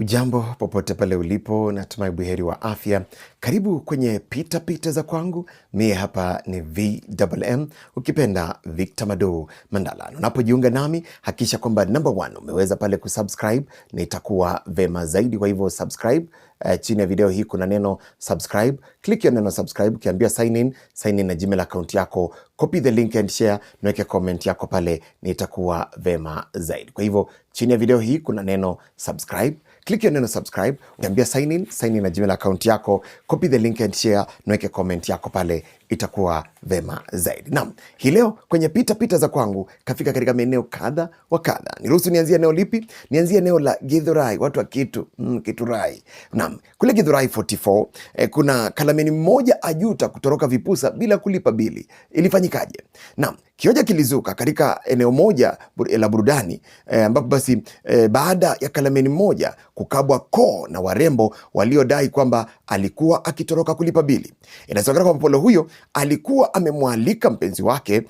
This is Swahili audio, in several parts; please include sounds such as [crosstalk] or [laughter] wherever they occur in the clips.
Ujambo popote pale ulipo, natumai buheri wa afya. Karibu kwenye pita pita za kwangu. Mie hapa ni VMM, ukipenda Victor Mado Mandala. Unapojiunga nami hakikisha kwamba number one umeweza pale kusubscribe, nitakuwa vema zaidi. Kwa hivyo subscribe. Uh, chini ya video hii kuna neno subscribe, click ya neno subscribe, ukiambia sign in, sign in na Gmail account yako, copy the link and share, niweke comment yako pale, nitakuwa vema zaidi. Kwa hivyo chini ya video hii kuna neno subscribe click your neno subscribe, ukiambia sign in, sign in na Gmail account yako, copy the link and share, naweke comment yako pale itakuwa vema zaidi. Naam, hii leo kwenye pita pita za kwangu kafika katika maeneo kadha wa kadha. Niruhusu nianzie eneo lipi? Nianzie eneo la Githurai, watu wa Kitu, mm, Kiturai. Naam, kule Githurai 44 eh, kuna kalameni mmoja ajuta kutoroka vipusa bila kulipa bili. Ilifanyikaje? Naam, kioja kilizuka katika eneo moja eh, la burudani eh, ambapo basi eh, baada ya kalameni mmoja kukabwa koo na warembo waliodai kwamba alikuwa akitoroka kulipa bili. Inasemekana kwamba Polo huyo alikuwa amemwalika mpenzi wake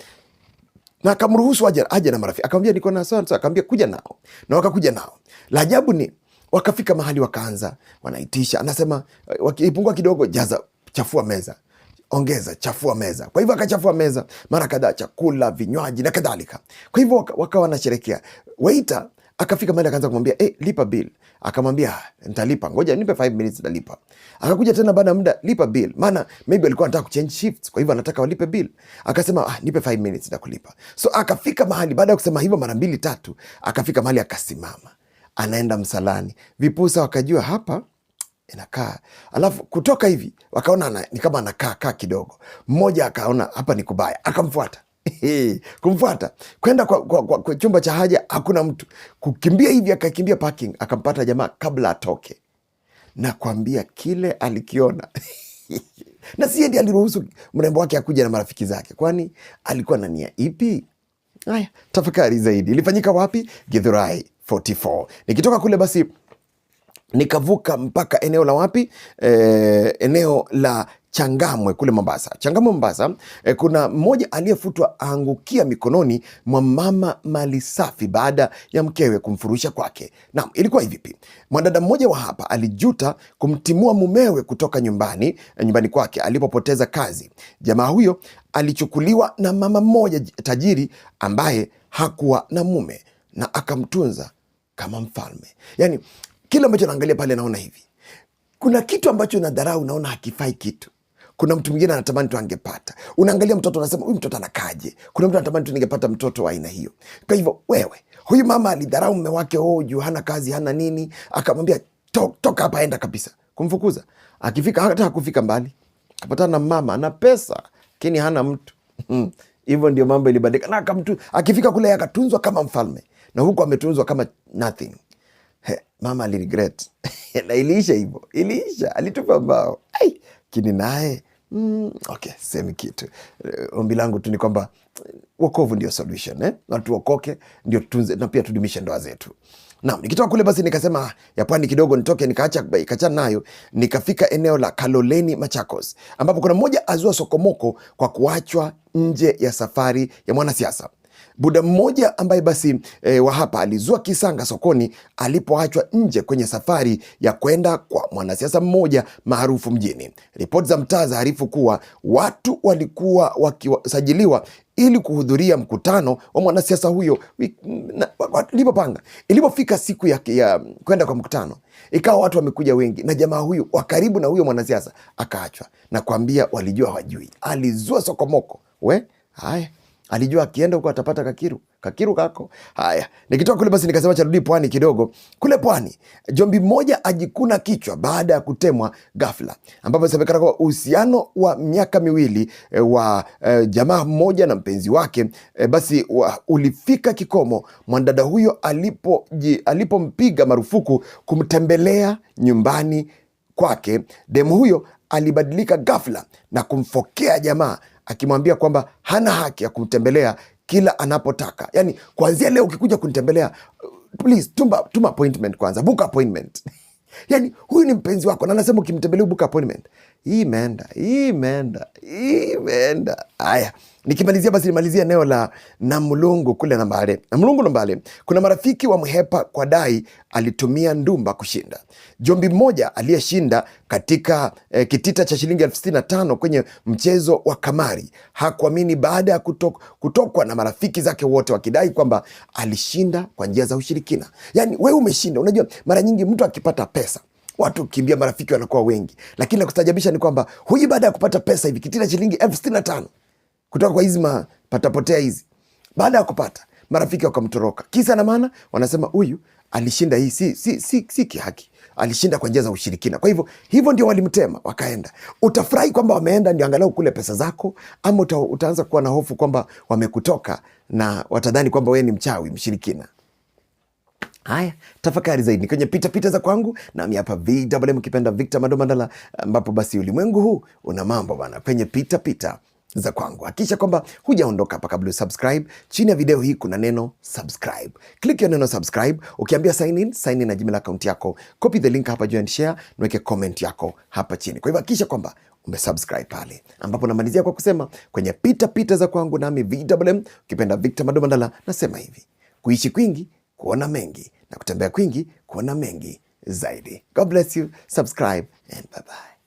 na akamruhusu aje, aje na marafiki, akamwambia niko na sawa sawa, akamwambia kuja nao na wakakuja nao. La ajabu ni wakafika mahali wakaanza wanaitisha, anasema eh, wakipungua kidogo, jaza, chafua meza ongeza chafua meza. Kwa hivyo akachafua meza mara kadhaa, chakula, vinywaji na kadhalika. Kwa hivyo wakawa wanasherekea. Waita Akafika mahali akaanza kumwambia eh, lipa bill. Akamwambia nitalipa, ngoja nipe 5 minutes nitalipa. Akakuja tena baada ya muda, lipa bill, maana maybe alikuwa anataka kuchange shifts, kwa hivyo anataka walipe bill. Akasema ah, nipe 5 minutes nitakulipa. So akafika mahali baada ya kusema hivyo mara mbili tatu, akafika mahali akasimama, anaenda msalani. Vipusa wakajua hapa inakaa alafu kutoka hivi wakaona ni kama anakaa kaa kidogo. Mmoja akaona hapa ni kubaya, akamfuata [laughs] kumfuata kwenda kwa, kwa, kwa, kwa chumba cha haja, hakuna mtu, kukimbia hivi akakimbia parking, akampata jamaa kabla atoke na kuambia kile alikiona [laughs] na siye ndiye aliruhusu mrembo wake akuja na marafiki zake, kwani alikuwa na nia ipi? Haya, tafakari zaidi. Ilifanyika wapi? Githurai 44. Nikitoka kule basi nikavuka mpaka eneo la wapi? E, eneo la Changamwe kule Mombasa. Changamwe Mombasa, e, kuna mmoja aliyefutwa aangukia mikononi mwa mama mali safi baada ya mkewe kumfurusha kwake. Naam, ilikuwa hivipi? Mwanadada mmoja wa hapa alijuta kumtimua mumewe kutoka nyumbani eh, nyumbani kwake alipopoteza kazi. Jamaa huyo alichukuliwa na mama mmoja tajiri ambaye hakuwa na mume na akamtunza kama mfalme. Yaani kile ambacho naangalia pale naona hivi. Kuna kitu ambacho nadharau, naona hakifai kitu kuna mtu mwingine anatamani tu angepata. Unaangalia mtoto unasema huyu mtoto anakaje? Kuna mtu anatamani tu ningepata mtoto wa aina hiyo. Kwa hivyo wewe, huyu mama alidharau mume wake, oh, juu hana kazi, hana nini, akamwambia toka toka hapa, enda kabisa, kumfukuza. Akifika hata hakufika mbali, kapatana na mama ana pesa, lakini hana mtu hmm. hivyo ndio mambo ilibadilika, na akamtu akifika kule akatunzwa kama mfalme na huku ametunzwa kama nothing. He, mama aliregret [laughs] na iliisha hivyo, iliisha, alitupa mbao kini naye mm, okay, semi kitu. Ombi langu tu ni kwamba wokovu ndio solution eh? na tuokoke ndio tunze, na pia tudumishe ndoa zetu. Na nikitoka kule basi nikasema ya pwani kidogo nitoke nikaacha ikachana nayo nikafika eneo la Kaloleni Machakos, ambapo kuna mmoja azua sokomoko kwa kuachwa nje ya safari ya mwanasiasa. Buda mmoja ambaye basi e, wa hapa alizua kisanga sokoni alipoachwa nje kwenye safari ya kwenda kwa mwanasiasa mmoja maarufu mjini. Ripoti za mtaa zaarifu kuwa watu walikuwa wakisajiliwa ili kuhudhuria mkutano wa mwanasiasa huyo ilipopanga. Ilipofika siku ya, ya kwenda kwa mkutano, ikawa watu wamekuja wengi, na jamaa huyu wa karibu na huyo mwanasiasa akaachwa. Nakwambia walijua wajui alizua sokomoko. We haya Alijua akienda huko atapata kakiru, kakiru kako. Haya, nikitoka kule basi nikasema rudi pwani kidogo. Kule pwani, jombi mmoja ajikuna kichwa baada ya kutemwa ghafla, ambapo inasemekana kwamba uhusiano wa miaka miwili e, wa e, jamaa mmoja na mpenzi wake e, basi wa, ulifika kikomo mwanadada huyo alipompiga alipo marufuku kumtembelea nyumbani kwake. Demu huyo alibadilika ghafla na kumfokea jamaa akimwambia kwamba hana haki ya kumtembelea kila anapotaka. Yani, kuanzia leo ukikuja kunitembelea, please tuma, tuma appointment kwanza, book appointment Yani huyu ni mpenzi wako na anasema ukimtembelea book appointment. Hii imeenda, hii imeenda, hii imeenda. Haya, nikimalizia basi nimalizia eneo la Namlungu kule Nambale. Namlungu Nambale, kuna marafiki wa Mhepa kwa dai alitumia ndumba kushinda. Jombi mmoja aliyeshinda katika eh, kitita cha shilingi elfu sitini na tano kwenye mchezo wa kamari hakuamini baada ya kutok, kutokwa na marafiki zake wote wakidai kwamba alishinda kwa njia za ushirikina. Yani wewe umeshinda. Unajua mara nyingi mtu akipata pesa pesa watu kimbia, marafiki wanakuwa wengi, lakini nakustajabisha ni kwamba huyu baada ya kupata pesa hivi kitina shilingi elfu sitini na tano kutoka kwa hizi mapatapotea hizi, baada ya kupata marafiki wakamtoroka. Kisa na maana, wanasema huyu alishinda hii, si, si, si, si kihaki, alishinda kwa njia za ushirikina. Kwa hivyo hivyo ndio walimtema, wakaenda. Utafurahi kwamba wameenda, ndio angalau kule pesa zako, ama uta, utaanza kuwa na hofu kwamba wamekutoka na watadhani kwamba wewe ni mchawi mshirikina. Haya, tafakari zaidi kwenye pita pita za kwangu, nami hapa VMM ukipenda Victor Mado Mandala, ambapo basi ulimwengu huu una mambo bana, kwenye pita pita za kwangu. Hakikisha kwamba hujaondoka hapa kabla usubscribe. Chini ya video hii kuna neno subscribe. Click ya neno subscribe, ukiambia sign in, sign in na jina la account yako. Copy the link hapa juu and share, niweke comment yako hapa chini. Kwa hivyo hakikisha kwamba umesubscribe pale, ambapo namalizia kwa kusema kwenye pita pita za kwangu, nami VMM ukipenda Victor Mado Mandala, nasema hivi: kuishi kwingi kuona mengi na kutembea kwingi kuona mengi zaidi. God bless you, subscribe and bye bye.